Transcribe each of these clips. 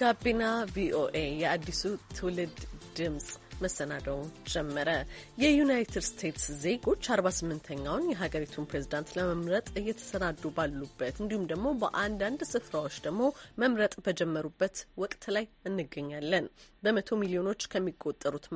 ጋቢና ቪኦኤ የአዲሱ ትውልድ ድምፅ መሰናዶውን ጀመረ። የዩናይትድ ስቴትስ ዜጎች 48ኛውን የሀገሪቱን ፕሬዝዳንት ለመምረጥ እየተሰናዱ ባሉበት እንዲሁም ደግሞ በአንዳንድ ስፍራዎች ደግሞ መምረጥ በጀመሩበት ወቅት ላይ እንገኛለን። በመቶ ሚሊዮኖች ከሚቆጠሩት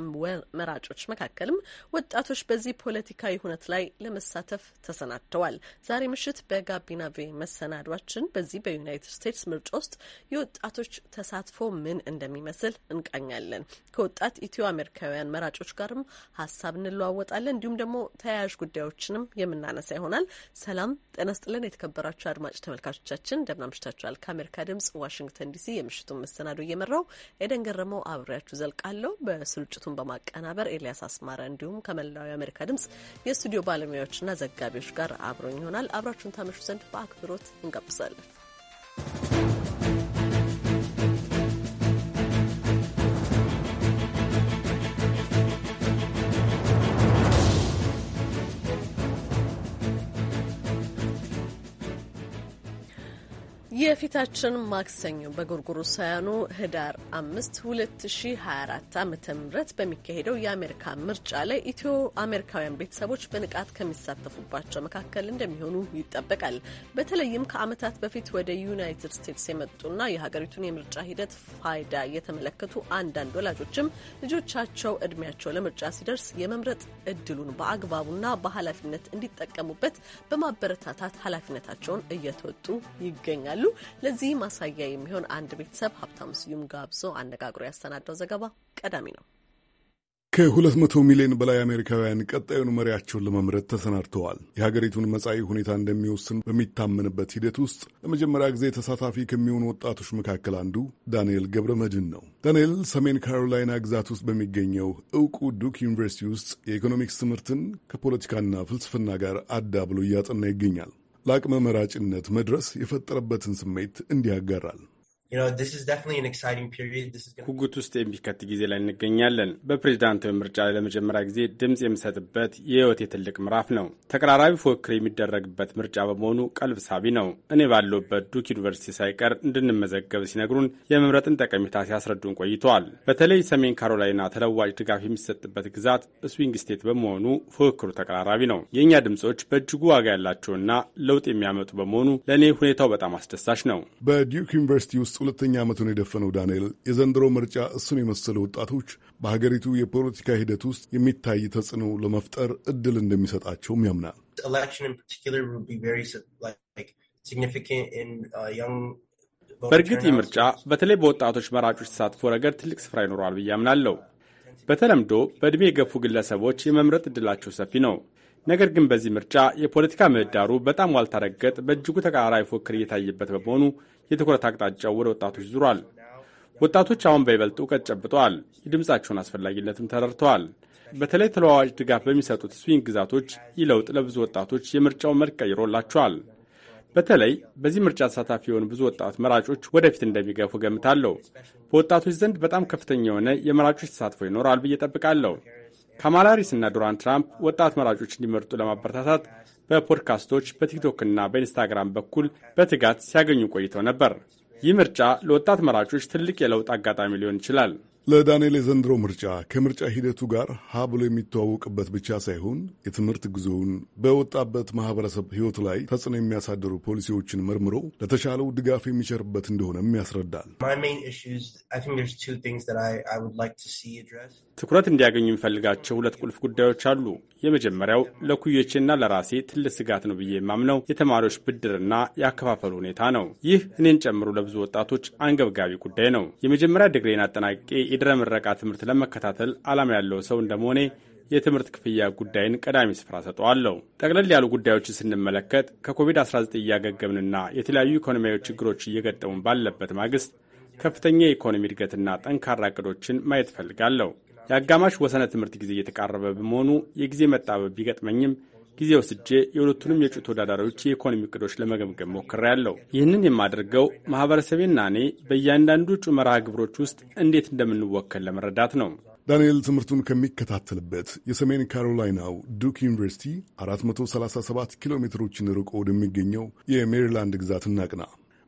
መራጮች መካከልም ወጣቶች በዚህ ፖለቲካዊ ሁነት ላይ ለመሳተፍ ተሰናድተዋል። ዛሬ ምሽት በጋቢና ቬ መሰናዷችን በዚህ በዩናይትድ ስቴትስ ምርጫ ውስጥ የወጣቶች ተሳትፎ ምን እንደሚመስል እንቃኛለን። ከወጣት ኢትዮ አሜሪካ ከአሜሪካውያን መራጮች ጋርም ሀሳብ እንለዋወጣለን። እንዲሁም ደግሞ ተያያዥ ጉዳዮችንም የምናነሳ ይሆናል። ሰላም ጤና ስጥልን። የተከበራችሁ አድማጭ ተመልካቾቻችን እንደምናምሽታችኋል። ከአሜሪካ ድምጽ ዋሽንግተን ዲሲ የምሽቱን መሰናዶ እየመራው ኤደን ገረመው አብሬያችሁ ዘልቃለሁ። በስርጭቱን በማቀናበር ኤልያስ አስማረ እንዲሁም ከመላው የአሜሪካ ድምጽ የስቱዲዮ ባለሙያዎችና ዘጋቢዎች ጋር አብሮኝ ይሆናል። አብራችሁን ታመሹ ዘንድ በአክብሮት እንጋብዛለን። የፊታችን ማክሰኞ በጎርጎሮሳውያኑ ህዳር አምስት ሁለት ዓ ም በሚካሄደው የአሜሪካ ምርጫ ላይ ኢትዮ አሜሪካውያን ቤተሰቦች በንቃት ከሚሳተፉባቸው መካከል እንደሚሆኑ ይጠበቃል። በተለይም ከዓመታት በፊት ወደ ዩናይትድ ስቴትስ የመጡና የሀገሪቱን የምርጫ ሂደት ፋይዳ የተመለከቱ አንዳንድ ወላጆችም ልጆቻቸው እድሜያቸው ለምርጫ ሲደርስ የመምረጥ እድሉን በአግባቡና በኃላፊነት እንዲጠቀሙበት በማበረታታት ኃላፊነታቸውን እየተወጡ ይገኛሉ። ለዚህ ማሳያ የሚሆን አንድ ቤተሰብ ሀብታም ስዩም ጋብዞ አነጋግሮ ያሰናዳው ዘገባ ቀዳሚ ነው። ከ ከ200 ሚሊዮን በላይ አሜሪካውያን ቀጣዩን መሪያቸውን ለመምረጥ ተሰናድተዋል። የሀገሪቱን መጻኢ ሁኔታ እንደሚወስን በሚታመንበት ሂደት ውስጥ ለመጀመሪያ ጊዜ ተሳታፊ ከሚሆኑ ወጣቶች መካከል አንዱ ዳንኤል ገብረ መድህን ነው። ዳንኤል ሰሜን ካሮላይና ግዛት ውስጥ በሚገኘው እውቁ ዱክ ዩኒቨርሲቲ ውስጥ የኢኮኖሚክስ ትምህርትን ከፖለቲካና ፍልስፍና ጋር አዳብሎ እያጠና ይገኛል። ለአቅመ መራጭነት መድረስ የፈጠረበትን ስሜት እንዲህ ያጋራል። ጉጉት ውስጥ የሚከት ጊዜ ላይ እንገኛለን። በፕሬዚዳንታዊ ምርጫ ለመጀመሪያ ጊዜ ድምፅ የምሰጥበት የህይወቴ ትልቅ ምዕራፍ ነው። ተቀራራቢ ፉክክር የሚደረግበት ምርጫ በመሆኑ ቀልብ ሳቢ ነው። እኔ ባለውበት ዱክ ዩኒቨርሲቲ ሳይቀር እንድንመዘገብ ሲነግሩን የመምረጥን ጠቀሜታ ሲያስረዱን ቆይተዋል። በተለይ ሰሜን ካሮላይና ተለዋጭ ድጋፍ የሚሰጥበት ግዛት ስዊንግ ስቴት በመሆኑ ፉክክሩ ተቀራራቢ ነው። የእኛ ድምፆች በእጅጉ ዋጋ ያላቸውና ለውጥ የሚያመጡ በመሆኑ ለእኔ ሁኔታው በጣም አስደሳች ነው። በዲዩክ ዩኒቨርሲቲ ውስጥ ሁለተኛ ዓመቱን የደፈነው ዳንኤል የዘንድሮ ምርጫ እሱን የመሰሉ ወጣቶች በሀገሪቱ የፖለቲካ ሂደት ውስጥ የሚታይ ተጽዕኖ ለመፍጠር እድል እንደሚሰጣቸውም ያምናል። uh, በእርግጥ ይህ ምርጫ በተለይ በወጣቶች መራጮች ተሳትፎ ረገድ ትልቅ ስፍራ ይኖረዋል ብዬ አምናለሁ። በተለምዶ በዕድሜ የገፉ ግለሰቦች የመምረጥ እድላቸው ሰፊ ነው። ነገር ግን በዚህ ምርጫ የፖለቲካ ምህዳሩ በጣም ዋልታረገጥ፣ በእጅጉ ተቃራኒ ፉክክር እየታየበት በመሆኑ የትኩረት አቅጣጫው ወደ ወጣቶች ዙሯል። ወጣቶች አሁን በይበልጥ እውቀት ጨብጠዋል፣ የድምፃቸውን አስፈላጊነትም ተረድተዋል። በተለይ ተለዋዋጭ ድጋፍ በሚሰጡት ስዊንግ ግዛቶች ይህ ለውጥ ለብዙ ወጣቶች የምርጫው መልክ ቀይሮላቸዋል። በተለይ በዚህ ምርጫ ተሳታፊ የሆኑ ብዙ ወጣት መራጮች ወደፊት እንደሚገፉ ገምታለሁ። በወጣቶች ዘንድ በጣም ከፍተኛ የሆነ የመራጮች ተሳትፎ ይኖራል ብዬ ጠብቃለሁ። ካማላ እና ዶናልድ ትራምፕ ወጣት መራጮች እንዲመርጡ ለማበረታታት በፖድካስቶች በቲክቶክና በኢንስታግራም በኩል በትጋት ሲያገኙ ቆይተው ነበር። ይህ ምርጫ ለወጣት መራጮች ትልቅ የለውጥ አጋጣሚ ሊሆን ይችላል። ለዳንኤል የዘንድሮ ምርጫ ከምርጫ ሂደቱ ጋር ሀ ብሎ የሚተዋወቅበት ብቻ ሳይሆን የትምህርት ጉዞውን በወጣበት ማህበረሰብ ሕይወት ላይ ተጽዕኖ የሚያሳድሩ ፖሊሲዎችን መርምሮ ለተሻለው ድጋፍ የሚቸርበት እንደሆነም ያስረዳል። ትኩረት እንዲያገኙ የሚፈልጋቸው ሁለት ቁልፍ ጉዳዮች አሉ። የመጀመሪያው ለኩዮቼና ለራሴ ትልቅ ስጋት ነው ብዬ የማምነው የተማሪዎች ብድርና የአከፋፈሉ ሁኔታ ነው። ይህ እኔን ጨምሮ ለብዙ ወጣቶች አንገብጋቢ ጉዳይ ነው። የመጀመሪያ ድግሬን አጠናቅቄ የድረ ምረቃ ትምህርት ለመከታተል ዓላማ ያለው ሰው እንደመሆኔ የትምህርት ክፍያ ጉዳይን ቀዳሚ ስፍራ ሰጠዋለሁ። ጠቅለል ያሉ ጉዳዮችን ስንመለከት ከኮቪድ-19 እያገገምንና የተለያዩ ኢኮኖሚያዊ ችግሮች እየገጠሙን ባለበት ማግስት ከፍተኛ የኢኮኖሚ እድገትና ጠንካራ እቅዶችን ማየት እፈልጋለሁ። የአጋማሽ ወሰነ ትምህርት ጊዜ እየተቃረበ በመሆኑ የጊዜ መጣበብ ቢገጥመኝም ጊዜ ወስጄ የሁለቱንም የእጩ ተወዳዳሪዎች የኢኮኖሚ እቅዶች ለመገምገም ሞክሬያለሁ። ይህንን የማደርገው ማህበረሰቤና እኔ በእያንዳንዱ እጩ መርሃ ግብሮች ውስጥ እንዴት እንደምንወከል ለመረዳት ነው። ዳንኤል ትምህርቱን ከሚከታተልበት የሰሜን ካሮላይናው ዱክ ዩኒቨርሲቲ 437 ኪሎ ሜትሮችን ርቆ ወደሚገኘው የሜሪላንድ ግዛት እናቅና።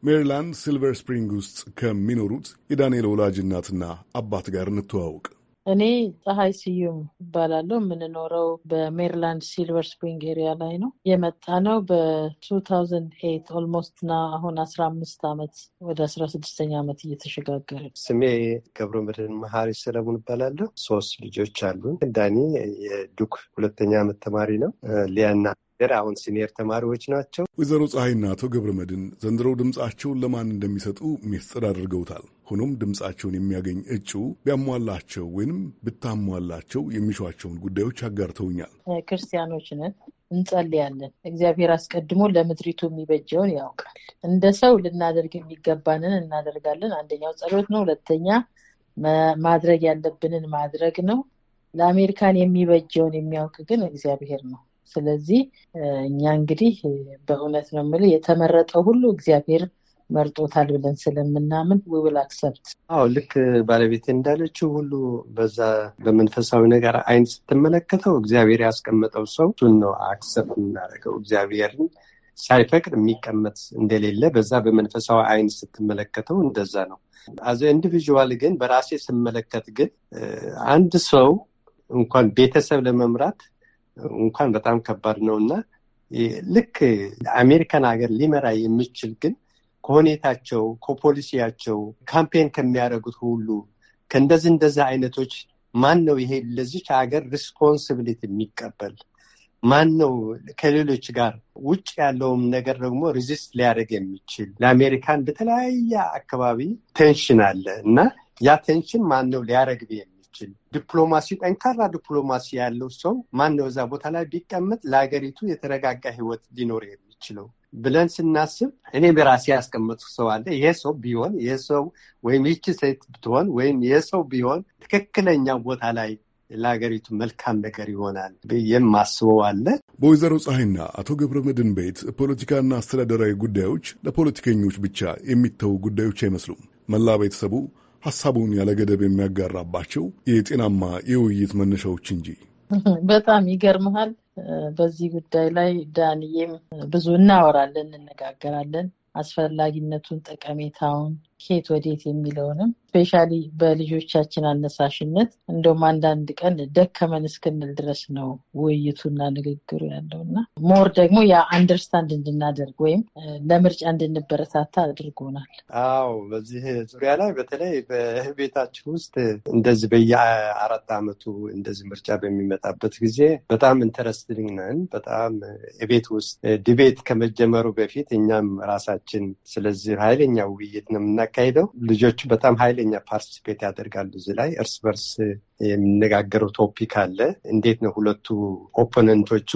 ሜሪላንድ ሲልቨር ስፕሪንግ ውስጥ ከሚኖሩት የዳንኤል ወላጅ እናትና አባት ጋር እንተዋውቅ። እኔ ፀሐይ ስዩም እባላለሁ። የምንኖረው በሜሪላንድ ሲልቨር ስፕሪንግ ኤሪያ ላይ ነው። የመጣ ነው በ2008 ኦልሞስት ና አሁን አስራ አምስት ዓመት ወደ አስራ ስድስተኛ ዓመት እየተሸጋገረ ስሜ ገብረ መድህን መሀሪ ሰለሞን እባላለሁ። ሶስት ልጆች አሉን። ዳኒ የዱክ ሁለተኛ ዓመት ተማሪ ነው። ሊያና አሁን ሲኒየር ተማሪዎች ናቸው። ወይዘሮ ፀሐይና አቶ ገብረ መድህን ዘንድሮ ድምፃቸውን ለማን እንደሚሰጡ ሚስጥር አድርገውታል። ሆኖም ድምፃቸውን የሚያገኝ እጩ ቢያሟላቸው ወይንም ብታሟላቸው የሚሿቸውን ጉዳዮች አጋርተውኛል። ክርስቲያኖች ነን፣ እንጸልያለን። እግዚአብሔር አስቀድሞ ለምድሪቱ የሚበጀውን ያውቃል። እንደ ሰው ልናደርግ የሚገባንን እናደርጋለን። አንደኛው ጸሎት ነው። ሁለተኛ ማድረግ ያለብንን ማድረግ ነው። ለአሜሪካን የሚበጀውን የሚያውቅ ግን እግዚአብሔር ነው። ስለዚህ እኛ እንግዲህ በእውነት ነው የምልህ የተመረጠው ሁሉ እግዚአብሔር መርጦታል ብለን ስለምናምን ውብል አክሰፕት። አዎ ልክ ባለቤቴ እንዳለችው ሁሉ በዛ በመንፈሳዊ ነገር አይን ስትመለከተው እግዚአብሔር ያስቀመጠው ሰው እሱን ነው አክሰፕት የምናደርገው። እግዚአብሔርን ሳይፈቅድ የሚቀመጥ እንደሌለ በዛ በመንፈሳዊ አይን ስትመለከተው እንደዛ ነው። አዘ ኢንዲቪዥዋል ግን በራሴ ስመለከት ግን አንድ ሰው እንኳን ቤተሰብ ለመምራት እንኳን በጣም ከባድ ነው እና ልክ አሜሪካን ሀገር ሊመራ የሚችል ግን ከሁኔታቸው፣ ከፖሊሲያቸው፣ ካምፔን ከሚያደርጉት ሁሉ ከእንደዚህ እንደዚህ አይነቶች ማን ነው ይሄ ለዚች ሀገር ሪስፖንሲቢሊቲ የሚቀበል ማን ነው? ከሌሎች ጋር ውጭ ያለውም ነገር ደግሞ ሪዚስት ሊያደርግ የሚችል ለአሜሪካን በተለያየ አካባቢ ቴንሽን አለ እና ያ ቴንሽን ማን ነው ሊያደርግ የሚችል ዲፕሎማሲ፣ ጠንካራ ዲፕሎማሲ ያለው ሰው ማን ነው እዛ ቦታ ላይ ቢቀመጥ ለሀገሪቱ የተረጋጋ ህይወት ሊኖር የሚ የምትችለው ብለን ስናስብ እኔ በራሴ ያስቀመጡ ሰው አለ። ይሄ ሰው ቢሆን ይሄ ሰው ወይም ይቺ ሴት ብትሆን ወይም ይሄ ሰው ቢሆን ትክክለኛ ቦታ ላይ ለሀገሪቱ መልካም ነገር ይሆናል ማስበው አለ። በወይዘሮ ፀሐይና አቶ ገብረ መድን ቤት ፖለቲካና አስተዳደራዊ ጉዳዮች ለፖለቲከኞች ብቻ የሚተዉ ጉዳዮች አይመስሉም። መላ ቤተሰቡ ሀሳቡን ያለ ገደብ የሚያጋራባቸው የጤናማ የውይይት መነሻዎች እንጂ። በጣም ይገርመሃል። በዚህ ጉዳይ ላይ ዳንዬም ብዙ እናወራለን፣ እንነጋገራለን። አስፈላጊነቱን፣ ጠቀሜታውን ሴት ወዴት የሚለውንም ስፔሻሊ በልጆቻችን አነሳሽነት እንደውም አንዳንድ ቀን ደከመን እስክንል ድረስ ነው ውይይቱና ንግግሩ ያለው እና ሞር ደግሞ ያ አንደርስታንድ እንድናደርግ ወይም ለምርጫ እንድንበረታታ አድርጎናል። አዎ፣ በዚህ ዙሪያ ላይ በተለይ በቤታችን ውስጥ እንደዚህ በየአራት ዓመቱ እንደዚህ ምርጫ በሚመጣበት ጊዜ በጣም ኢንተረስትሊንግ ነን። በጣም የቤት ውስጥ ዲቤት ከመጀመሩ በፊት እኛም ራሳችን ስለዚህ ኃይለኛ ውይይት ነው የሚያካሄደው ልጆቹ በጣም ኃይለኛ ፓርቲሲፔት ያደርጋሉ። እዚህ ላይ እርስ በርስ የሚነጋገረው ቶፒክ አለ። እንዴት ነው ሁለቱ ኦፖነንቶቹ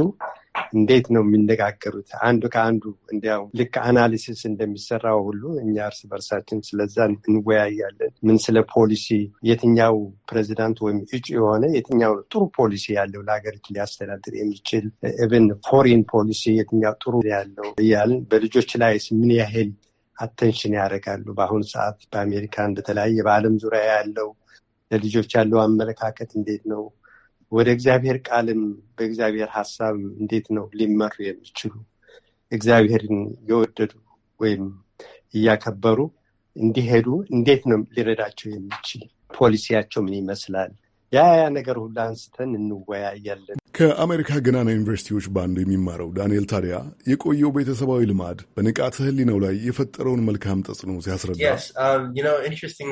እንዴት ነው የሚነጋገሩት? አንዱ ከአንዱ እንዲያው ልክ አናሊሲስ እንደሚሰራው ሁሉ እኛ እርስ በርሳችን ስለዛ እንወያያለን። ምን ስለ ፖሊሲ የትኛው ፕሬዚዳንት ወይም እጩ የሆነ የትኛው ጥሩ ፖሊሲ ያለው ለሀገሪቱ ሊያስተዳድር የሚችል ኢቨን ፎሪን ፖሊሲ የትኛው ጥሩ ያለው እያልን በልጆች ላይ ምን ያህል አቴንሽን ያደርጋሉ። በአሁኑ ሰዓት በአሜሪካን በተለያየ በዓለም ዙሪያ ያለው ለልጆች ያለው አመለካከት እንዴት ነው? ወደ እግዚአብሔር ቃልም በእግዚአብሔር ሀሳብ እንዴት ነው ሊመሩ የሚችሉ እግዚአብሔርን የወደዱ ወይም እያከበሩ እንዲሄዱ እንዴት ነው ሊረዳቸው የሚችል ፖሊሲያቸው ምን ይመስላል? ያ ያ ነገር ሁሉ አንስተን እንወያያለን። ከአሜሪካ ገናና ዩኒቨርሲቲዎች በአንዱ የሚማረው ዳንኤል ታዲያ የቆየው ቤተሰባዊ ልማድ በንቃተ ህሊናው ላይ የፈጠረውን መልካም ተጽዕኖ ሲያስረዳ um,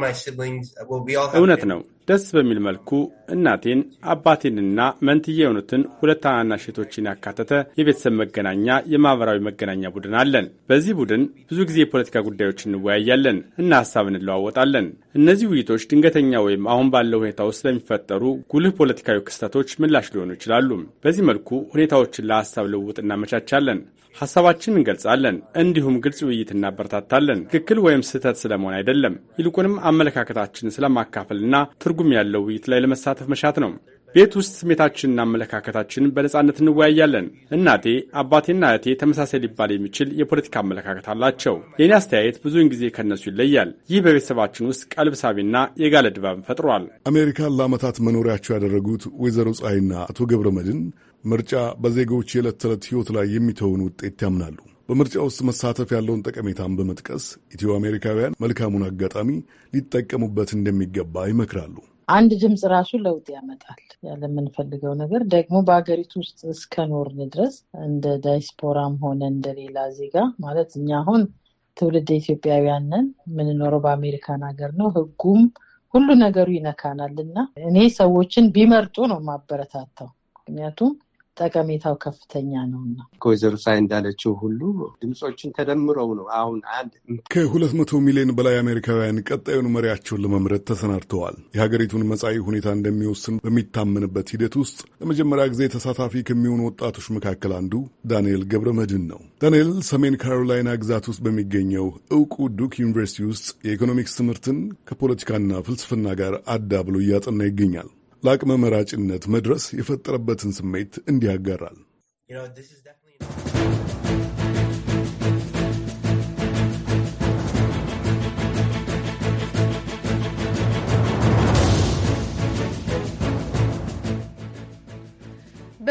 uh, እውነት ነው። ደስ በሚል መልኩ እናቴን አባቴንና መንትዬ የሆኑትን ሁለት ሴቶችን ያካተተ የቤተሰብ መገናኛ የማኅበራዊ መገናኛ ቡድን አለን። በዚህ ቡድን ብዙ ጊዜ የፖለቲካ ጉዳዮች እንወያያለን እና ሀሳብ እንለዋወጣለን። እነዚህ ውይይቶች ድንገተኛ ወይም አሁን ባለው ሁኔታ ውስጥ ለሚፈጠሩ ጉልህ ፖለቲካዊ ክስተቶች ምላሽ ሊሆኑ ይችላሉ። በዚህ መልኩ ሁኔታዎችን ለሀሳብ ልውውጥ እናመቻቻለን። ሀሳባችን እንገልጻለን። እንዲሁም ግልጽ ውይይት እናበረታታለን። ትክክል ወይም ስህተት ስለመሆን አይደለም፣ ይልቁንም አመለካከታችን ስለማካፈልና ትርጉ ትርጉም ያለው ውይይት ላይ ለመሳተፍ መሻት ነው። ቤት ውስጥ ስሜታችንና አመለካከታችንን በነጻነት እንወያያለን። እናቴ አባቴና እህቴ ተመሳሳይ ሊባል የሚችል የፖለቲካ አመለካከት አላቸው። የእኔ አስተያየት ብዙውን ጊዜ ከእነሱ ይለያል። ይህ በቤተሰባችን ውስጥ ቀልብ ሳቢና የጋለ ድባብን ፈጥሯል። አሜሪካን ለዓመታት መኖሪያቸው ያደረጉት ወይዘሮ ፀሐይና አቶ ገብረ መድን ምርጫ በዜጎች የዕለት ተዕለት ሕይወት ላይ የሚተውን ውጤት ያምናሉ። በምርጫ ውስጥ መሳተፍ ያለውን ጠቀሜታን በመጥቀስ ኢትዮ አሜሪካውያን መልካሙን አጋጣሚ ሊጠቀሙበት እንደሚገባ ይመክራሉ። አንድ ድምፅ ራሱ ለውጥ ያመጣል። ያለምንፈልገው ነገር ደግሞ በሀገሪቱ ውስጥ እስከኖርን ድረስ እንደ ዳይስፖራም ሆነ እንደሌላ ዜጋ ማለት እኛ አሁን ትውልድ ኢትዮጵያውያን ነን። የምንኖረው በአሜሪካን ሀገር ነው። ህጉም ሁሉ ነገሩ ይነካናል እና እኔ ሰዎችን ቢመርጡ ነው ማበረታታው። ምክንያቱም ጠቀሜታው ከፍተኛ ነውና ከወይዘሮ ሳይ እንዳለችው ሁሉ ድምፆችን ተደምረው ነው አሁን አንድ ከሁለት መቶ ሚሊዮን በላይ አሜሪካውያን ቀጣዩን መሪያቸውን ለመምረጥ ተሰናድተዋል። የሀገሪቱን መጻኢ ሁኔታ እንደሚወስን በሚታመንበት ሂደት ውስጥ ለመጀመሪያ ጊዜ ተሳታፊ ከሚሆኑ ወጣቶች መካከል አንዱ ዳንኤል ገብረ መድን ነው። ዳንኤል ሰሜን ካሮላይና ግዛት ውስጥ በሚገኘው እውቁ ዱክ ዩኒቨርሲቲ ውስጥ የኢኮኖሚክስ ትምህርትን ከፖለቲካና ፍልስፍና ጋር አዳብሎ እያጠና ይገኛል። ለአቅመ መራጭነት መድረስ የፈጠረበትን ስሜት እንዲህ ያጋራል።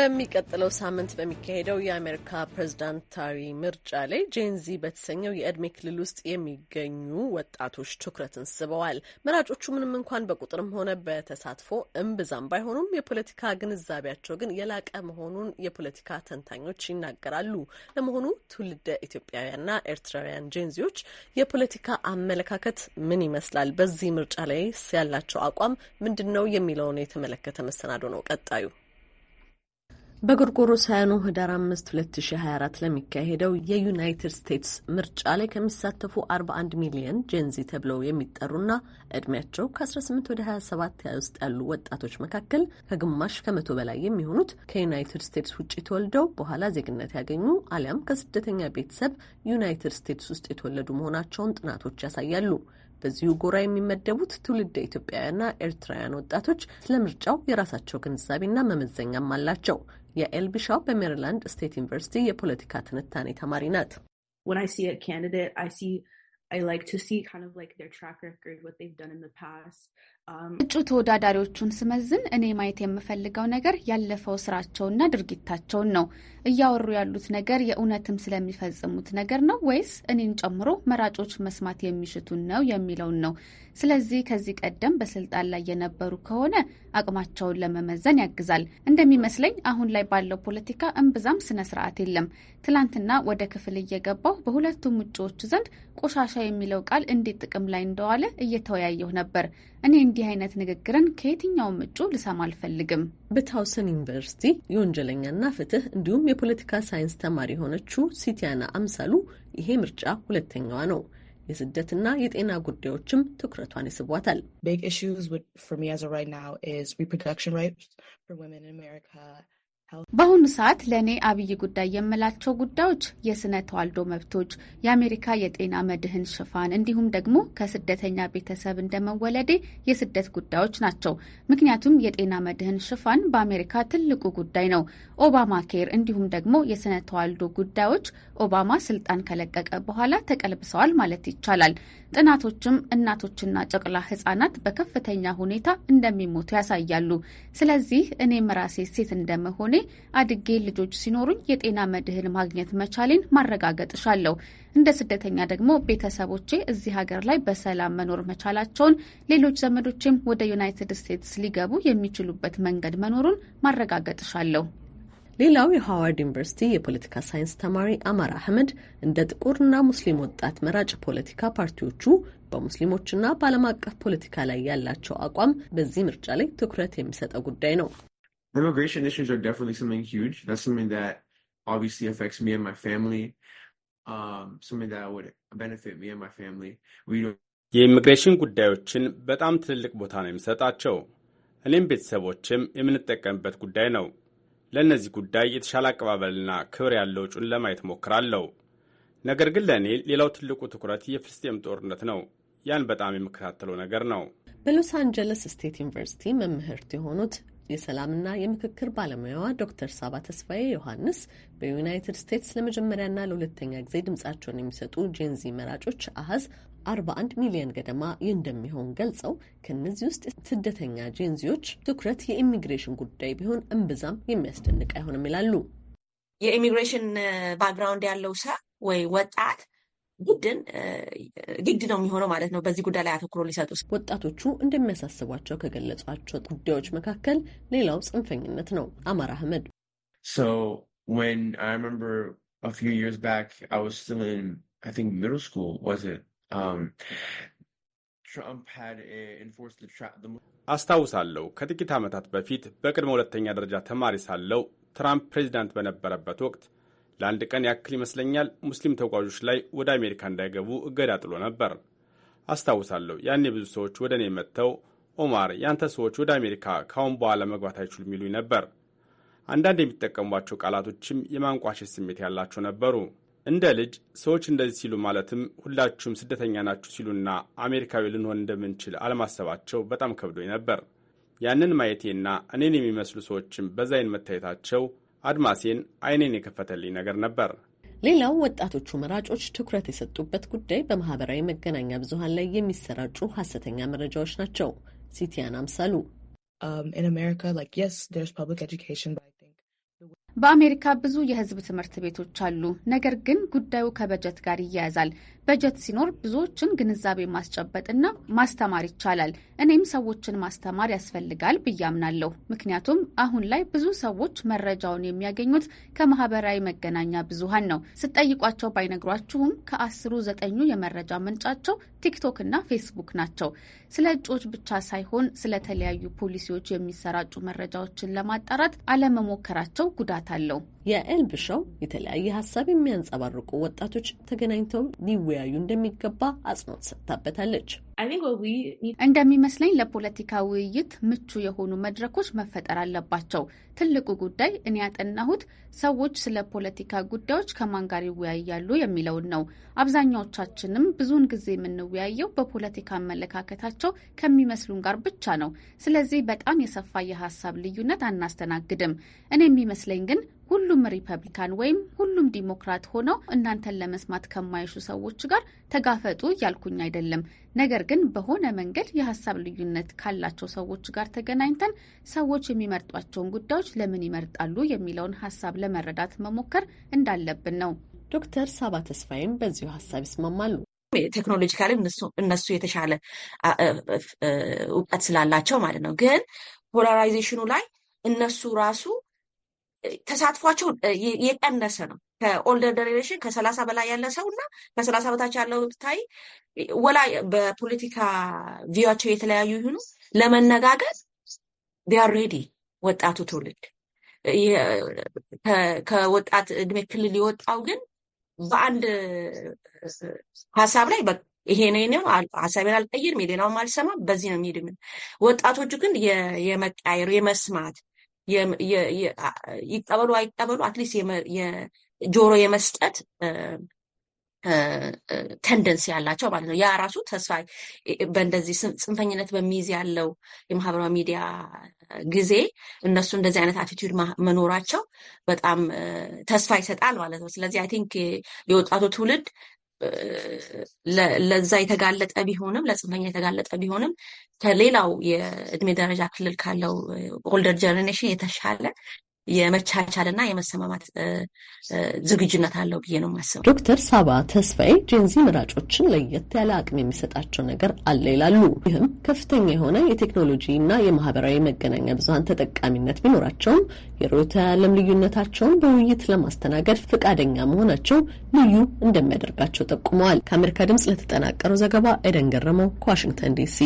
በሚቀጥለው ሳምንት በሚካሄደው የአሜሪካ ፕሬዝዳንታዊ ምርጫ ላይ ጄንዚ በተሰኘው የእድሜ ክልል ውስጥ የሚገኙ ወጣቶች ትኩረትን ስበዋል። መራጮቹ ምንም እንኳን በቁጥርም ሆነ በተሳትፎ እምብዛም ባይሆኑም የፖለቲካ ግንዛቤያቸው ግን የላቀ መሆኑን የፖለቲካ ተንታኞች ይናገራሉ። ለመሆኑ ትውልደ ኢትዮጵያውያንና ኤርትራውያን ጄንዚዎች የፖለቲካ አመለካከት ምን ይመስላል? በዚህ ምርጫ ላይ ያላቸው አቋም ምንድን ነው? የሚለውን የተመለከተ መሰናዶ ነው ቀጣዩ ሳያኑ ህዳር 5 2024 ለሚካሄደው የዩናይትድ ስቴትስ ምርጫ ላይ ከሚሳተፉ 41 ሚሊዮን ጄንዚ ተብለው የሚጠሩና እድሜያቸው ከ18 ወደ 27 ውስጥ ያሉ ወጣቶች መካከል ከግማሽ ከመቶ በላይ የሚሆኑት ከዩናይትድ ስቴትስ ውጭ ተወልደው በኋላ ዜግነት ያገኙ አሊያም ከስደተኛ ቤተሰብ ዩናይትድ ስቴትስ ውስጥ የተወለዱ መሆናቸውን ጥናቶች ያሳያሉ። በዚሁ ጎራ የሚመደቡት ትውልደ ኢትዮጵያውያንና ኤርትራውያን ወጣቶች ስለ ምርጫው የራሳቸው ግንዛቤና መመዘኛም አላቸው። የኤልቢሻው ቢሻው በሜሪላንድ ስቴት ዩኒቨርሲቲ የፖለቲካ ትንታኔ ተማሪ ናት። እጩ ተወዳዳሪዎቹን ስመዝን እኔ ማየት የምፈልገው ነገር ያለፈው ስራቸውና ድርጊታቸውን ነው። እያወሩ ያሉት ነገር የእውነትም ስለሚፈጽሙት ነገር ነው ወይስ እኔን ጨምሮ መራጮች መስማት የሚሽቱን ነው የሚለውን ነው። ስለዚህ ከዚህ ቀደም በስልጣን ላይ የነበሩ ከሆነ አቅማቸውን ለመመዘን ያግዛል። እንደሚመስለኝ አሁን ላይ ባለው ፖለቲካ እምብዛም ስነ ስርዓት የለም። ትላንትና ወደ ክፍል እየገባው በሁለቱም እጩዎች ዘንድ ቆሻሻ የሚለው ቃል እንዴት ጥቅም ላይ እንደዋለ እየተወያየሁ ነበር እኔ እንዲህ አይነት ንግግርን ከየትኛውም እጩ ልሰማ አልፈልግም። በታውሰን ዩኒቨርሲቲ የወንጀለኛና ፍትህ እንዲሁም የፖለቲካ ሳይንስ ተማሪ የሆነችው ሲቲያና አምሳሉ ይሄ ምርጫ ሁለተኛዋ ነው። የስደትና የጤና ጉዳዮችም ትኩረቷን ይስቧታል። በአሁኑ ሰዓት ለእኔ አብይ ጉዳይ የምላቸው ጉዳዮች የስነ ተዋልዶ መብቶች፣ የአሜሪካ የጤና መድህን ሽፋን እንዲሁም ደግሞ ከስደተኛ ቤተሰብ እንደመወለዴ የስደት ጉዳዮች ናቸው። ምክንያቱም የጤና መድህን ሽፋን በአሜሪካ ትልቁ ጉዳይ ነው። ኦባማ ኬር እንዲሁም ደግሞ የስነ ተዋልዶ ጉዳዮች ኦባማ ስልጣን ከለቀቀ በኋላ ተቀልብሰዋል ማለት ይቻላል። ጥናቶችም እናቶችና ጨቅላ ህጻናት በከፍተኛ ሁኔታ እንደሚሞቱ ያሳያሉ። ስለዚህ እኔም ራሴ ሴት እንደመሆኔ አድጌ ልጆች ሲኖሩኝ የጤና መድህን ማግኘት መቻሌን ማረጋገጥ ሻለሁ እንደ ስደተኛ ደግሞ ቤተሰቦቼ እዚህ ሀገር ላይ በሰላም መኖር መቻላቸውን፣ ሌሎች ዘመዶቼም ወደ ዩናይትድ ስቴትስ ሊገቡ የሚችሉበት መንገድ መኖሩን ማረጋገጥ እሻለሁ። ሌላው የሃዋርድ ዩኒቨርሲቲ የፖለቲካ ሳይንስ ተማሪ አማር አህመድ እንደ ጥቁርና ሙስሊም ወጣት መራጭ ፖለቲካ ፓርቲዎቹ በሙስሊሞችና በዓለም አቀፍ ፖለቲካ ላይ ያላቸው አቋም በዚህ ምርጫ ላይ ትኩረት የሚሰጠው ጉዳይ ነው። um, የኢሚግሬሽን ጉዳዮችን በጣም ትልልቅ ቦታ ነው የሚሰጣቸው። እኔም ቤተሰቦችም የምንጠቀምበት ጉዳይ ነው። ለእነዚህ ጉዳይ የተሻለ አቀባበልና ክብር ያለው እጩን ለማየት ሞክራለሁ። ነገር ግን ለእኔ ሌላው ትልቁ ትኩረት የፍልስጤም ጦርነት ነው። ያን በጣም የምከታተለው ነገር ነው። በሎስ አንጀለስ ስቴት ዩኒቨርሲቲ መምህርት የሆኑት የሰላምና የምክክር ባለሙያዋ ዶክተር ሳባ ተስፋዬ ዮሐንስ በዩናይትድ ስቴትስ ለመጀመሪያና ለሁለተኛ ጊዜ ድምጻቸውን የሚሰጡ ጄንዚ መራጮች አሀዝ 41 ሚሊዮን ገደማ እንደሚሆን ገልጸው ከእነዚህ ውስጥ ስደተኛ ጄንዚዎች ትኩረት የኢሚግሬሽን ጉዳይ ቢሆን እምብዛም የሚያስደንቅ አይሆንም ይላሉ። የኢሚግሬሽን ባክግራውንድ ያለው ሰው ወይ ወጣት ቡድን ግድ ነው የሚሆነው ማለት ነው። በዚህ ጉዳይ ላይ አተኩሮ ሊሰጡ ወጣቶቹ እንደሚያሳስቧቸው ከገለጿቸው ጉዳዮች መካከል ሌላው ጽንፈኝነት ነው። አማር አህመድ አስታውሳለሁ ከጥቂት ዓመታት በፊት በቅድመ ሁለተኛ ደረጃ ተማሪ ሳለው ትራምፕ ፕሬዚዳንት በነበረበት ወቅት ለአንድ ቀን ያክል ይመስለኛል ሙስሊም ተጓዦች ላይ ወደ አሜሪካ እንዳይገቡ እገዳ ጥሎ ነበር። አስታውሳለሁ ያኔ ብዙ ሰዎች ወደ እኔ መጥተው ኦማር፣ ያንተ ሰዎች ወደ አሜሪካ ካሁን በኋላ መግባት አይችሉም ይሉኝ ነበር። አንዳንድ የሚጠቀሟቸው ቃላቶችም የማንቋሸሽ ስሜት ያላቸው ነበሩ። እንደ ልጅ ሰዎች እንደዚህ ሲሉ ማለትም ሁላችሁም ስደተኛ ናችሁ ሲሉና አሜሪካዊ ልንሆን እንደምንችል አለማሰባቸው በጣም ከብዶኝ ነበር። ያንን ማየቴና እኔን የሚመስሉ ሰዎችም በዛይን መታየታቸው አድማሴን አይኔን የከፈተልኝ ነገር ነበር። ሌላው ወጣቶቹ መራጮች ትኩረት የሰጡበት ጉዳይ በማህበራዊ መገናኛ ብዙኃን ላይ የሚሰራጩ ሀሰተኛ መረጃዎች ናቸው። ሲቲያን አምሳሉ um, በአሜሪካ ብዙ የህዝብ ትምህርት ቤቶች አሉ። ነገር ግን ጉዳዩ ከበጀት ጋር ይያያዛል። በጀት ሲኖር ብዙዎችን ግንዛቤ ማስጨበጥና ማስተማር ይቻላል። እኔም ሰዎችን ማስተማር ያስፈልጋል ብዬ አምናለሁ። ምክንያቱም አሁን ላይ ብዙ ሰዎች መረጃውን የሚያገኙት ከማህበራዊ መገናኛ ብዙሃን ነው። ስጠይቋቸው ባይነግሯችሁም ከአስሩ ዘጠኙ የመረጃ ምንጫቸው ቲክቶክ እና ፌስቡክ ናቸው። ስለ እጩዎች ብቻ ሳይሆን ስለተለያዩ ፖሊሲዎች የሚሰራጩ መረጃዎችን ለማጣራት አለመሞከራቸው ጉዳት አለው። የኤልብ ሾው የተለያየ ሀሳብ የሚያንጸባርቁ ወጣቶች ተገናኝተው ሊወያዩ እንደሚገባ አጽንኦት ሰጥታበታለች። እንደሚመስለኝ ለፖለቲካ ውይይት ምቹ የሆኑ መድረኮች መፈጠር አለባቸው። ትልቁ ጉዳይ እኔ ያጠናሁት ሰዎች ስለ ፖለቲካ ጉዳዮች ከማን ጋር ይወያያሉ የሚለውን ነው። አብዛኛዎቻችንም ብዙውን ጊዜ የምንወያየው በፖለቲካ አመለካከታቸው ከሚመስሉን ጋር ብቻ ነው። ስለዚህ በጣም የሰፋ የሀሳብ ልዩነት አናስተናግድም። እኔ የሚመስለኝ ግን ሁሉም ሪፐብሊካን ወይም ሁሉም ዲሞክራት ሆነው እናንተን ለመስማት ከማይሹ ሰዎች ጋር ተጋፈጡ እያልኩኝ አይደለም። ነገር ግን በሆነ መንገድ የሀሳብ ልዩነት ካላቸው ሰዎች ጋር ተገናኝተን ሰዎች የሚመርጧቸውን ጉዳዮች ለምን ይመርጣሉ የሚለውን ሀሳብ ለመረዳት መሞከር እንዳለብን ነው። ዶክተር ሳባ ተስፋዬም በዚሁ ሀሳብ ይስማማሉ። ቴክኖሎጂካልም እነሱ የተሻለ እውቀት ስላላቸው ማለት ነው። ግን ፖላራይዜሽኑ ላይ እነሱ ራሱ ተሳትፏቸው የቀነሰ ነው። ከኦልደር ጀኔሬሽን ከሰላሳ በላይ ያለ ሰው እና ከሰላሳ በታች ያለው ታይ ወላ በፖለቲካ ቪዋቸው የተለያዩ ይሁኑ ለመነጋገር ቢያር ሬዲ ወጣቱ ትውልድ ከወጣት እድሜ ክልል የወጣው ግን በአንድ ሀሳብ ላይ ይሄ ነው ሀሳቤን አልቀይርም፣ የሌላውም አልሰማም፣ በዚህ ነው የሚሄድ። ወጣቶቹ ግን የመቃየሩ የመስማት ይቀበሉ አይቀበሉ አትሊስት ጆሮ የመስጠት ቴንደንሲ ያላቸው ማለት ነው። ያ ራሱ ተስፋ በእንደዚህ ጽንፈኝነት በሚይዝ ያለው የማህበራዊ ሚዲያ ጊዜ እነሱ እንደዚህ አይነት አቲቱድ መኖራቸው በጣም ተስፋ ይሰጣል ማለት ነው። ስለዚህ አይ ቲንክ የወጣቱ ትውልድ ለዛ የተጋለጠ ቢሆንም ለጽንፈኛ የተጋለጠ ቢሆንም ከሌላው የእድሜ ደረጃ ክልል ካለው ኦልደር ጀኔሬሽን የተሻለ የመቻቻልና የመሰማማት ዝግጁነት አለው ብዬ ነው የማስበው። ዶክተር ሳባ ተስፋዬ ጄንዚ መራጮችን ለየት ያለ አቅም የሚሰጣቸው ነገር አለ ይላሉ። ይህም ከፍተኛ የሆነ የቴክኖሎጂ እና የማህበራዊ መገናኛ ብዙሀን ተጠቃሚነት ቢኖራቸውም የርዕዮተ ዓለም ልዩነታቸውን በውይይት ለማስተናገድ ፈቃደኛ መሆናቸው ልዩ እንደሚያደርጋቸው ጠቁመዋል። ከአሜሪካ ድምጽ ለተጠናቀረው ዘገባ ኤደን ገረመው ከዋሽንግተን ዲሲ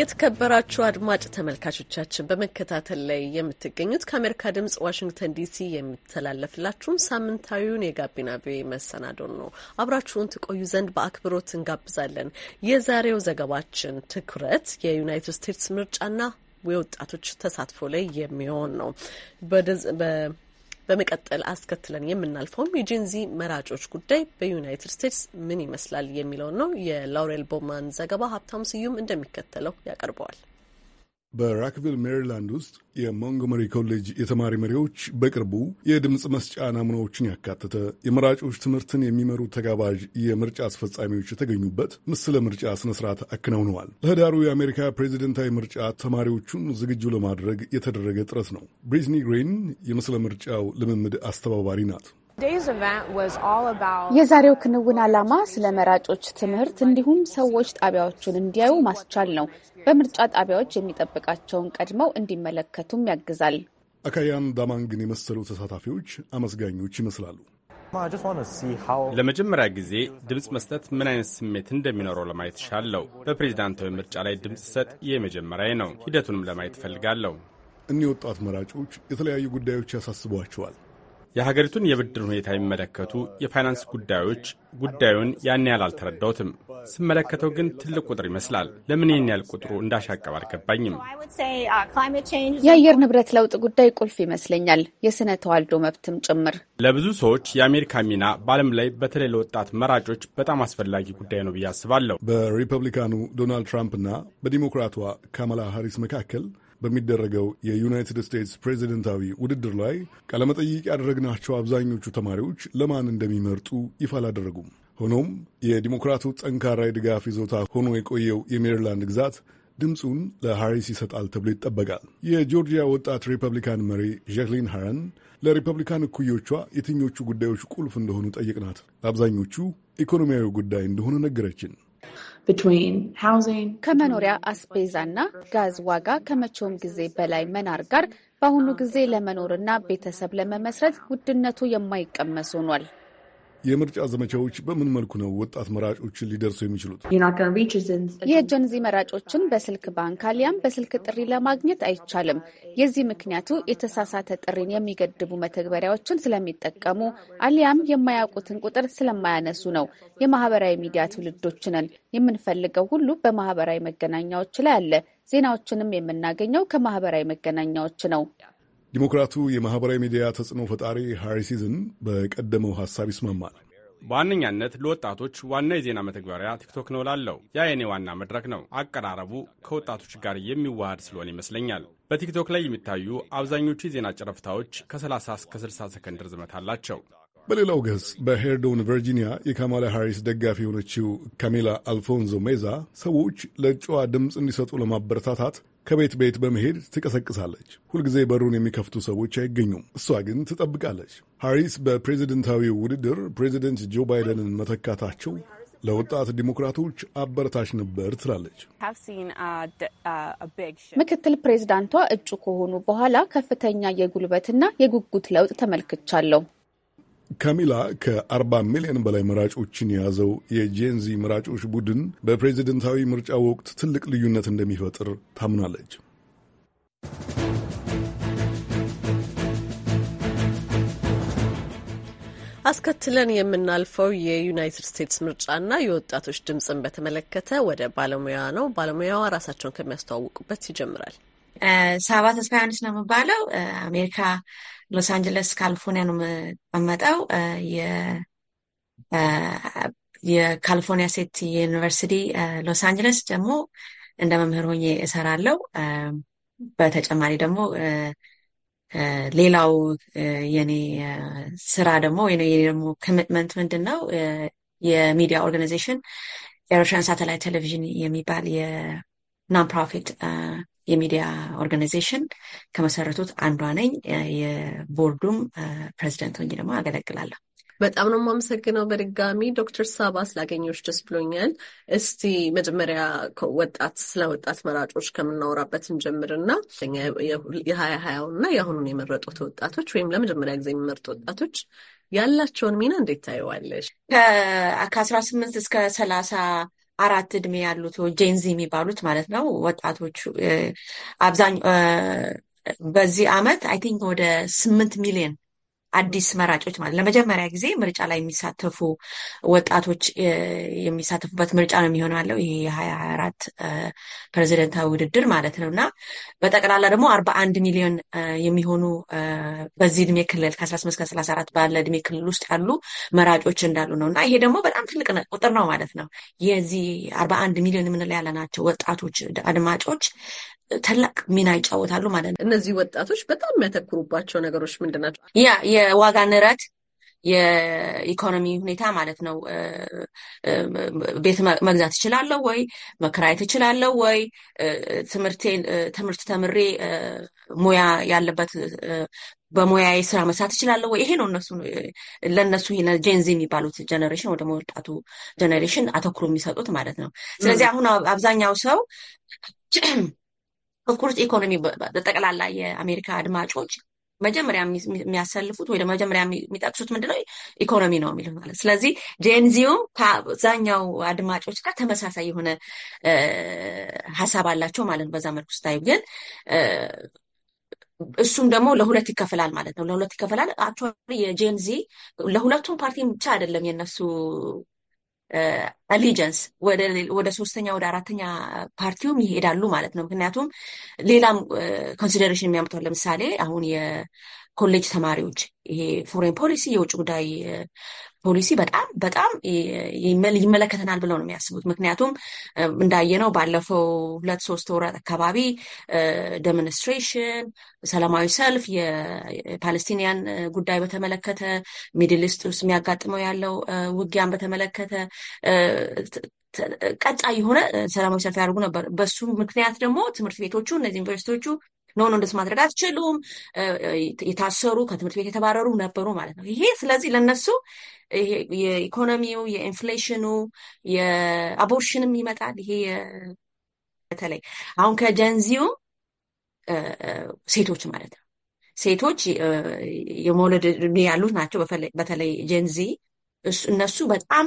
የተከበራችሁ አድማጭ ተመልካቾቻችን በመከታተል ላይ የምትገኙት ከአሜሪካ ድምጽ ዋሽንግተን ዲሲ የሚተላለፍላችሁን ሳምንታዊውን የጋቢና ቪኦኤ መሰናዶን ነው። አብራችሁን ትቆዩ ዘንድ በአክብሮት እንጋብዛለን። የዛሬው ዘገባችን ትኩረት የዩናይትድ ስቴትስ ምርጫና የወጣቶች ተሳትፎ ላይ የሚሆን ነው። በመቀጠል አስከትለን የምናልፈውም የጄንዚ መራጮች ጉዳይ በዩናይትድ ስቴትስ ምን ይመስላል የሚለው ነው። የላውሬል ቦማን ዘገባ ሀብታም ስዩም እንደሚከተለው ያቀርበዋል። በራክቪል ሜሪላንድ ውስጥ የሞንጎመሪ ኮሌጅ የተማሪ መሪዎች በቅርቡ የድምፅ መስጫ ናሙናዎችን ያካተተ የመራጮች ትምህርትን የሚመሩ ተጋባዥ የምርጫ አስፈጻሚዎች የተገኙበት ምስለ ምርጫ ስነስርዓት አከናውነዋል። ለህዳሩ የአሜሪካ ፕሬዚደንታዊ ምርጫ ተማሪዎቹን ዝግጁ ለማድረግ የተደረገ ጥረት ነው። ብሪትኒ ግሪን የምስለ ምርጫው ልምምድ አስተባባሪ ናት። የዛሬው ክንውን ዓላማ ስለ መራጮች ትምህርት እንዲሁም ሰዎች ጣቢያዎቹን እንዲያዩ ማስቻል ነው። በምርጫ ጣቢያዎች የሚጠብቃቸውን ቀድመው እንዲመለከቱም ያግዛል። አካያን ዳማንግን የመሰሉ ተሳታፊዎች አመስጋኞች ይመስላሉ። ለመጀመሪያ ጊዜ ድምፅ መስጠት ምን አይነት ስሜት እንደሚኖረው ለማየት ሻለው በፕሬዚዳንታዊ ምርጫ ላይ ድምፅ ሰጥ የመጀመሪያ ነው። ሂደቱንም ለማየት እፈልጋለሁ። እኒህ ወጣት መራጮች የተለያዩ ጉዳዮች ያሳስቧቸዋል። የሀገሪቱን የብድር ሁኔታ የሚመለከቱ የፋይናንስ ጉዳዮች ጉዳዩን ያን ያህል አልተረዳሁትም። ስመለከተው ግን ትልቅ ቁጥር ይመስላል። ለምን ይህን ያህል ቁጥሩ እንዳሻቀብ አልገባኝም። የአየር ንብረት ለውጥ ጉዳይ ቁልፍ ይመስለኛል፣ የስነ ተዋልዶ መብትም ጭምር። ለብዙ ሰዎች የአሜሪካ ሚና በዓለም ላይ በተለይ ለወጣት መራጮች በጣም አስፈላጊ ጉዳይ ነው ብዬ አስባለሁ። በሪፐብሊካኑ ዶናልድ ትራምፕና በዲሞክራቷ ካማላ ሀሪስ መካከል በሚደረገው የዩናይትድ ስቴትስ ፕሬዚደንታዊ ውድድር ላይ ቃለመጠይቅ ያደረግናቸው አብዛኞቹ ተማሪዎች ለማን እንደሚመርጡ ይፋ አላደረጉም። ሆኖም የዲሞክራቱ ጠንካራ የድጋፍ ይዞታ ሆኖ የቆየው የሜሪላንድ ግዛት ድምፁን ለሃሪስ ይሰጣል ተብሎ ይጠበቃል። የጆርጂያ ወጣት ሪፐብሊካን መሪ ዣክሊን ሃረን ለሪፐብሊካን እኩዮቿ የትኞቹ ጉዳዮች ቁልፍ እንደሆኑ ጠየቅናት። ለአብዛኞቹ ኢኮኖሚያዊ ጉዳይ እንደሆነ ነገረችን። ከመኖሪያ አስቤዛና ጋዝ ዋጋ ከመቼውም ጊዜ በላይ መናር ጋር በአሁኑ ጊዜ ለመኖርና ቤተሰብ ለመመስረት ውድነቱ የማይቀመስ ሆኗል። የምርጫ ዘመቻዎች በምን መልኩ ነው ወጣት መራጮችን ሊደርሱ የሚችሉት? የጀንዚ መራጮችን በስልክ ባንክ አሊያም በስልክ ጥሪ ለማግኘት አይቻልም። የዚህ ምክንያቱ የተሳሳተ ጥሪን የሚገድቡ መተግበሪያዎችን ስለሚጠቀሙ አሊያም የማያውቁትን ቁጥር ስለማያነሱ ነው። የማህበራዊ ሚዲያ ትውልዶች ነን። የምንፈልገው ሁሉ በማህበራዊ መገናኛዎች ላይ አለ። ዜናዎችንም የምናገኘው ከማህበራዊ መገናኛዎች ነው። ዲሞክራቱ የማኅበራዊ ሚዲያ ተጽዕኖ ፈጣሪ ሃሪሲዝን በቀደመው ሐሳብ ይስማማል። በዋነኛነት ለወጣቶች ዋና የዜና መተግበሪያ ቲክቶክ ነው ላለው ያ የኔ ዋና መድረክ ነው። አቀራረቡ ከወጣቶች ጋር የሚዋሃድ ስለሆነ ይመስለኛል። በቲክቶክ ላይ የሚታዩ አብዛኞቹ የዜና ጨረፍታዎች ከ30 እስከ 60 ሰከንድ ርዝመት አላቸው። በሌላው ገጽ በሄርዶን ቨርጂኒያ የካማላ ሃሪስ ደጋፊ የሆነችው ካሜላ አልፎንዞ ሜዛ ሰዎች ለእጩዋ ድምፅ እንዲሰጡ ለማበረታታት ከቤት ቤት በመሄድ ትቀሰቅሳለች። ሁልጊዜ በሩን የሚከፍቱ ሰዎች አይገኙም። እሷ ግን ትጠብቃለች። ሃሪስ በፕሬዚደንታዊው ውድድር ፕሬዚደንት ጆ ባይደንን መተካታቸው ለወጣት ዲሞክራቶች አበረታች ነበር ትላለች። ምክትል ፕሬዝዳንቷ እጩ ከሆኑ በኋላ ከፍተኛ የጉልበትና የጉጉት ለውጥ ተመልክቻለሁ። ካሚላ ከ40 ሚሊዮን በላይ መራጮችን የያዘው የጄንዚ መራጮች ቡድን በፕሬዚደንታዊ ምርጫ ወቅት ትልቅ ልዩነት እንደሚፈጥር ታምናለች። አስከትለን የምናልፈው የዩናይትድ ስቴትስ ምርጫና የወጣቶች ድምፅን በተመለከተ ወደ ባለሙያ ነው። ባለሙያዋ ራሳቸውን ከሚያስተዋውቁበት ይጀምራል። ሳባ ተስፋ ዮሐንስ ነው የምባለው። አሜሪካ ሎስ አንጀለስ ካሊፎርኒያ ነው የምቀመጠው። የካሊፎርኒያ ሴት ዩኒቨርሲቲ ሎስ አንጀለስ ደግሞ እንደ መምህር ሆኜ እሰራለው። በተጨማሪ ደግሞ ሌላው የኔ ስራ ደግሞ የኔ ደግሞ ኮሚትመንት ምንድን ነው የሚዲያ ኦርጋናይዜሽን ኤሮሽያን ሳተላይት ቴሌቪዥን የሚባል የናንፕሮፊት የሚዲያ ኦርጋናይዜሽን ከመሰረቱት አንዷ ነኝ። የቦርዱም ፕሬዚደንት ሆኜ ደግሞ አገለግላለሁ። በጣም ነው የማመሰግነው። በድጋሚ ዶክተር ሳባ ስላገኘሁሽ ደስ ብሎኛል። እስቲ መጀመሪያ ወጣት ስለ ወጣት መራጮች ከምናወራበት ጀምርና የሀያ ሀያውን እና የአሁኑን የመረጡት ወጣቶች ወይም ለመጀመሪያ ጊዜ የሚመርጡ ወጣቶች ያላቸውን ሚና እንዴት ታየዋለሽ? ከአስራ ስምንት እስከ ሰላሳ አራት እድሜ ያሉት ጄንዚ የሚባሉት ማለት ነው ወጣቶቹ አብዛኛው በዚህ አመት አይ ቲንክ ወደ ስምንት ሚሊዮን አዲስ መራጮች ማለት ለመጀመሪያ ጊዜ ምርጫ ላይ የሚሳተፉ ወጣቶች የሚሳተፉበት ምርጫ ነው የሚሆነው ያለው ይሄ የሀያ ሀያ አራት ፕሬዚደንታዊ ውድድር ማለት ነው እና በጠቅላላ ደግሞ አርባ አንድ ሚሊዮን የሚሆኑ በዚህ እድሜ ክልል ከአስራ ስምንት እስከ አራት ባለ እድሜ ክልል ውስጥ ያሉ መራጮች እንዳሉ ነው እና ይሄ ደግሞ በጣም ትልቅ ቁጥር ነው ማለት ነው። የዚህ አርባ አንድ ሚሊዮን የምንለው ያለናቸው ወጣቶች አድማጮች ታላቅ ሚና ይጫወታሉ ማለት ነው። እነዚህ ወጣቶች በጣም የሚያተኩሩባቸው ነገሮች ምንድን ናቸው? ያ የዋጋ ንረት የኢኮኖሚ ሁኔታ ማለት ነው። ቤት መግዛት እችላለሁ ወይ? መከራየት እችላለሁ ወይ? ትምህርት ተምሬ ሙያ ያለበት በሙያ ስራ መስራት እችላለሁ ወይ? ይሄ ነው እነሱ ለእነሱ ጄንዚ የሚባሉት ጀኔሬሽን ወደ ወጣቱ ጀኔሬሽን አተኩሮ የሚሰጡት ማለት ነው። ስለዚህ አሁን አብዛኛው ሰው ኦፍኮርስ ኢኮኖሚ በጠቅላላ የአሜሪካ አድማጮች መጀመሪያ የሚያሰልፉት ወይ መጀመሪያ የሚጠቅሱት ምንድነው ኢኮኖሚ ነው የሚሉት ማለት። ስለዚህ ጄንዚውም ከአብዛኛው አድማጮች ጋር ተመሳሳይ የሆነ ሀሳብ አላቸው ማለት ነው። በዛ መልኩ ስታዩ ግን እሱም ደግሞ ለሁለት ይከፈላል ማለት ነው። ለሁለት ይከፍላል። አክቹዋሊ የጄንዚ ለሁለቱም ፓርቲ ብቻ አይደለም የነሱ አሊጀንስ ወደ ሶስተኛ ወደ አራተኛ ፓርቲውም ይሄዳሉ ማለት ነው። ምክንያቱም ሌላም ኮንሲደሬሽን የሚያምቷል። ለምሳሌ አሁን የኮሌጅ ተማሪዎች ይሄ ፎሬን ፖሊሲ የውጭ ጉዳይ ፖሊሲ በጣም በጣም ይመለከተናል ብለው ነው የሚያስቡት። ምክንያቱም እንዳየነው ባለፈው ሁለት ሶስት ወራት አካባቢ ደሞንስትሬሽን፣ ሰላማዊ ሰልፍ የፓለስቲኒያን ጉዳይ በተመለከተ ሚድል ኢስት ውስጥ የሚያጋጥመው ያለው ውጊያን በተመለከተ ቀጣይ የሆነ ሰላማዊ ሰልፍ ያደርጉ ነበር። በሱ ምክንያት ደግሞ ትምህርት ቤቶቹ እነዚህ ዩኒቨርሲቲዎቹ ኖ ኖ እንደዚህ ማድረግ አትችሉም፣ የታሰሩ ከትምህርት ቤት የተባረሩ ነበሩ ማለት ነው። ይሄ ስለዚህ ለነሱ የኢኮኖሚው፣ የኢንፍሌሽኑ፣ የአቦርሽንም ይመጣል። ይሄ በተለይ አሁን ከጀንዚው ሴቶች ማለት ነው ሴቶች የመውለድ ያሉት ናቸው። በተለይ ጀንዚ እነሱ በጣም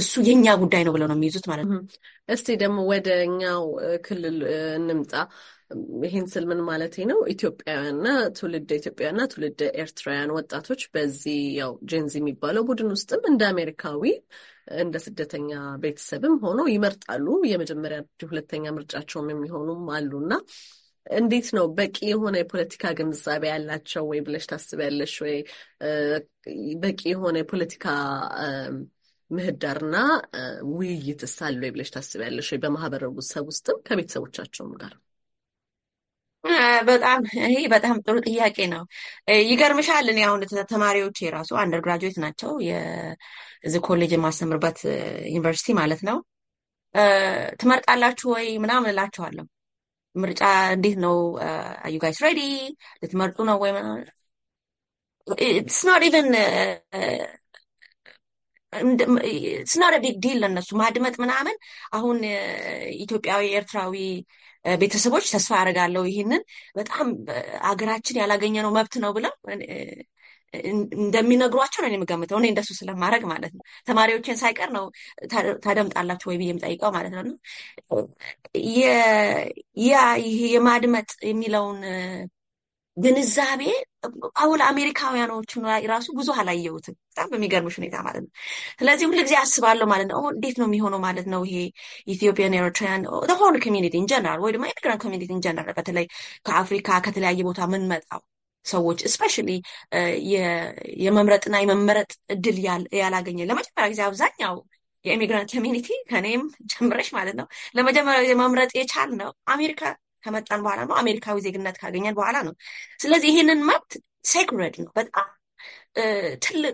እሱ የእኛ ጉዳይ ነው ብለው ነው የሚይዙት ማለት ነው። እስቲ ደግሞ ወደ እኛው ክልል እንምጣ። ይህን ስል ምን ማለት ነው? ኢትዮጵያውያንና ትውልደ ኢትዮጵያውያንና ትውልድ ኤርትራውያን ወጣቶች በዚህ ያው ጄንዚ የሚባለው ቡድን ውስጥም እንደ አሜሪካዊ እንደ ስደተኛ ቤተሰብም ሆኖ ይመርጣሉ። የመጀመሪያ ሁለተኛ ምርጫቸውም የሚሆኑም አሉና እንዴት ነው በቂ የሆነ የፖለቲካ ግንዛቤ ያላቸው ወይ ብለሽ ታስቢያለሽ? ወይ በቂ የሆነ የፖለቲካ ምህዳርና ውይይት አለ ወይ ብለሽ ታስቢያለሽ? በማህበረሰብ ውስጥም ከቤተሰቦቻቸውም ጋር በጣም ይሄ በጣም ጥሩ ጥያቄ ነው። ይገርምሻል፣ እኔ አሁን ተማሪዎች የራሱ አንደር ግራጁዌት ናቸው የዚህ ኮሌጅ የማስተምርበት ዩኒቨርሲቲ ማለት ነው። ትመርጣላችሁ ወይ ምናምን እላቸዋለሁ። ምርጫ እንዴት ነው? አዩ ጋይስ ሬዲ ልትመርጡ ነው ወይ? ኢትስ ኖት ኢቨን ስናደ ቢግ ዲል ለነሱ ማድመጥ ምናምን። አሁን ኢትዮጵያዊ ኤርትራዊ ቤተሰቦች ተስፋ አደርጋለሁ ይህንን በጣም አገራችን ያላገኘነው መብት ነው ብለው እንደሚነግሯቸው ነው የምገምተው። እኔ እንደሱ ስለማድረግ ማለት ነው። ተማሪዎችን ሳይቀር ነው ታደምጣላችሁ ወይ ብዬ የምጠይቀው ማለት ነው። ያ ይሄ የማድመጥ የሚለውን ግንዛቤ አሁን አሜሪካውያኖች ላይ ራሱ ብዙ አላየሁትም። በጣም በሚገርምሽ ሁኔታ ማለት ነው። ስለዚህ ሁሉ ጊዜ አስባለሁ ማለት ነው። እንዴት ነው የሚሆነው ማለት ነው። ይሄ ኢትዮጵያን ኤርትራያን ሆል ኮሚኒቲ ኢንጀነራል ወይ ደግሞ ኢሚግራንት ኮሚኒቲ ኢንጀነራል በተለይ ከአፍሪካ ከተለያየ ቦታ ምንመጣው ሰዎች እስፔሻሊ የመምረጥና የመመረጥ እድል ያላገኘ ለመጀመሪያ ጊዜ አብዛኛው የኢሚግራንት ኮሚኒቲ ከኔም ጀምረሽ ማለት ነው ለመጀመሪያ የመምረጥ የቻል ነው አሜሪካ ከመጣን በኋላ ነው አሜሪካዊ ዜግነት ካገኘን በኋላ ነው። ስለዚህ ይሄንን መብት ሴክረድ ነው፣ በጣም ትልቅ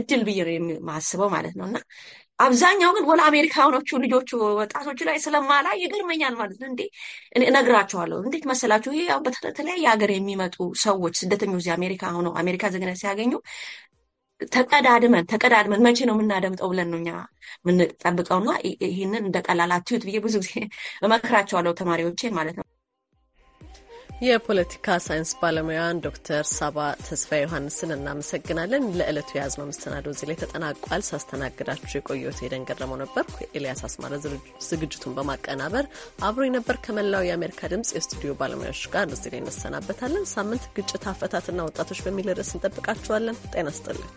እድል ብዬ ነው የማስበው ማለት ነው እና አብዛኛው ግን ወላ አሜሪካኖቹ ልጆቹ ወጣቶቹ ላይ ስለማላይ ይገርመኛል ማለት ነው። እንዴ እነግራቸዋለሁ። እንዴት መሰላችሁ? ይሄ ያው በተለያየ ሀገር የሚመጡ ሰዎች ስደተኞች እዚህ አሜሪካ ሆነው አሜሪካ ዜግነት ሲያገኙ ተቀዳድመን ተቀዳድመን መቼ ነው የምናደምጠው ብለን ነው እኛ የምንጠብቀውና ይህንን እንደ ቀላል ብዬ ብዙ ጊዜ እመክራቸዋለሁ ተማሪዎቼ ማለት ነው። የፖለቲካ ሳይንስ ባለሙያን ዶክተር ሳባ ተስፋ ዮሐንስን እናመሰግናለን። ለዕለቱ የያዝነው መሰናዶ እዚህ ላይ ተጠናቋል። ሳስተናግዳችሁ የቆየሁት ኤደን ገረመው ነበርኩ። ኤልያስ አስማረ ዝግጅቱን በማቀናበር አብሮ ነበር። ከመላው የአሜሪካ ድምጽ የስቱዲዮ ባለሙያዎች ጋር እዚህ ላይ እንሰናበታለን። ሳምንት ግጭት አፈታትና ወጣቶች በሚል ርዕስ እንጠብቃችኋለን። ጤና ስጥልን።